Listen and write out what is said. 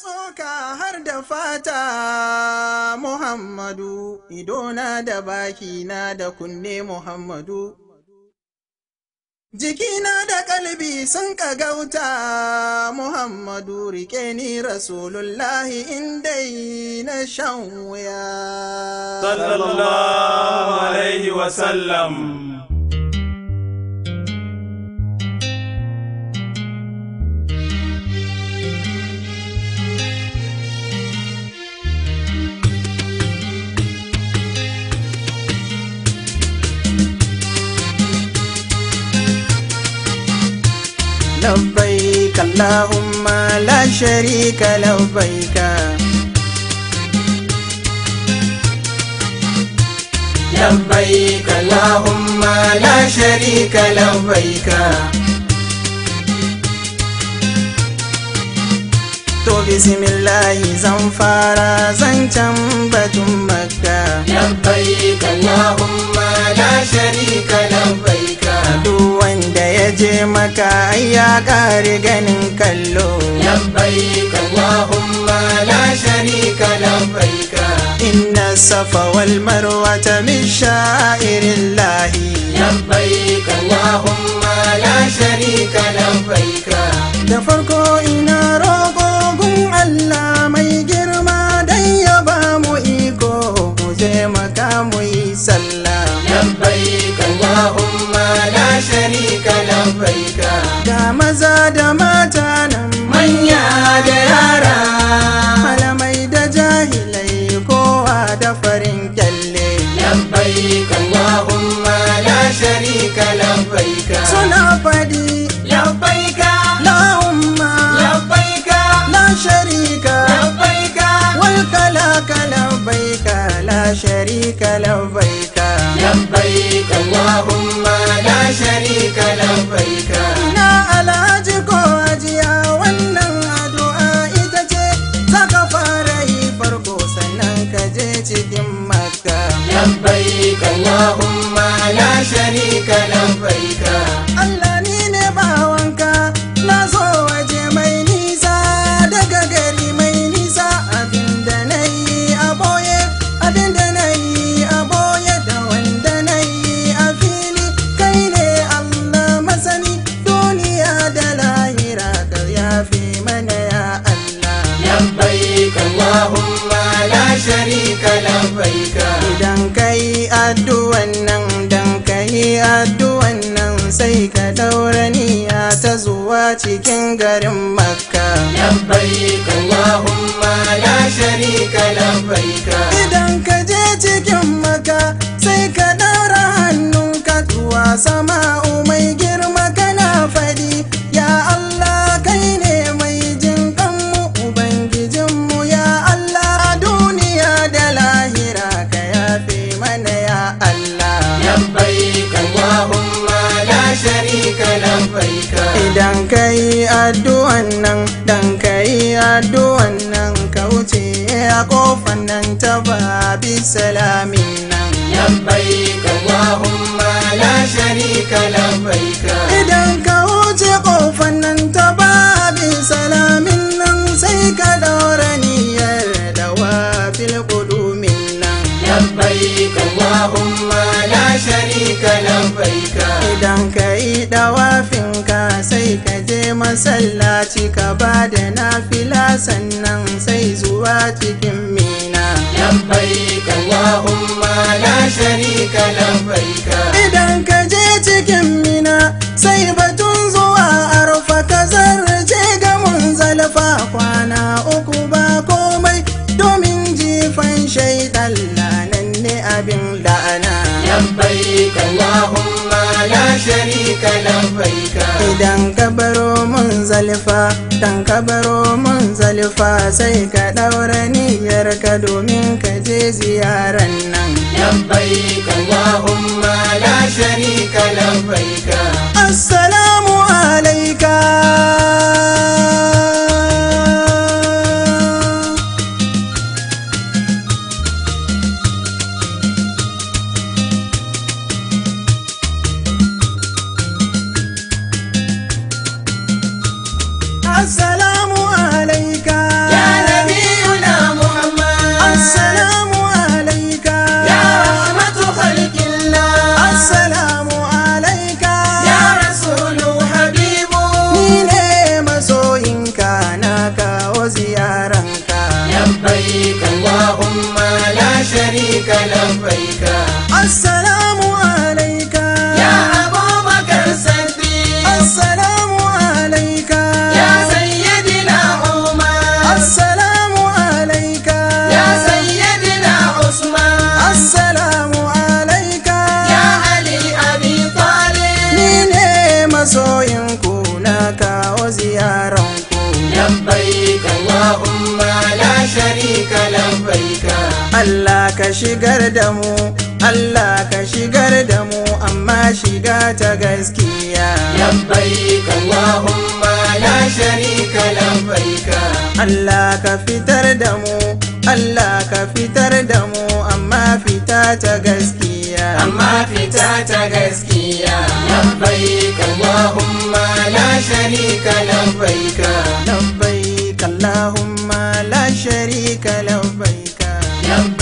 tsoka har da fata Muhammadu, idona da bakina da kunne Muhammadu. Jikina da kalbi sun gauta Muhammadu rike ni Rasulullahi inda na shan wuya. Sallallahu Alaihi Wasallam. Labbayi ka lahuma la shari ka labbaka. Labbayi la shari ka labbaka. Do zan fara zan canza tun maka. Labbayi ka lahuma la shari ka duk wanda ya je maka ya kare ganin kallo labbaik allahumma la sharika labbaik inna safa wal ta min sha'irillah labbaik allahumma la sharika labbaik da farko baika ga maza da mata cikin bai labbaik allahumma la sharika lak ta zuwa cikin garin makka labbaik allahumma la sharika labbaik idan ka je cikin makka sai ka daura hannun zuwa sama kai addu'an nan ka wuce a kofan nan ta ba bi salamin nan labbai ka Allahumma la sharika labbai ka idan ka wuce kofan nan ta ba bi salamin nan sai ka daura niyyar da fil qudumin nan labbai ka Allahumma la sharika labbai ka idan ka yi dawafin ka sai ka je masallaci ka ba sannan sai zuwa cikin mina labbaika ya umma la sharika labbaika idan ka je cikin mina sai batun zuwa arfa ka zarce ga mun zalfa kwana uku ba komai domin jifan shaidan lanan ne abin la'ana labbaika ya umma la sharika labbaika zalifa dan ka baro mun zalifa sai ka daura niyyar ka domin ka je ziyaran nan labbaik umma la sharika labbaik لبيك اللهم لا شريك لبيك السلام عليك يا أبا بكر الصديق السلام عليك يا سيدنا عمر السلام عليك يا سيدنا عثمان السلام عليك يا علي أبي طالب من مسوينكو كونك ka labbaika Allah ka shigar da mu Allah ka shigar da mu amma shiga ta gaskiya labbaika Allahumma la sharika labbaika Allah ka fitar da mu Allah ka fitar da mu amma fita ta gaskiya amma fita ta gaskiya labbaika Allahumma la sharika labbaika ka Allahumma sharika labbaika labbaika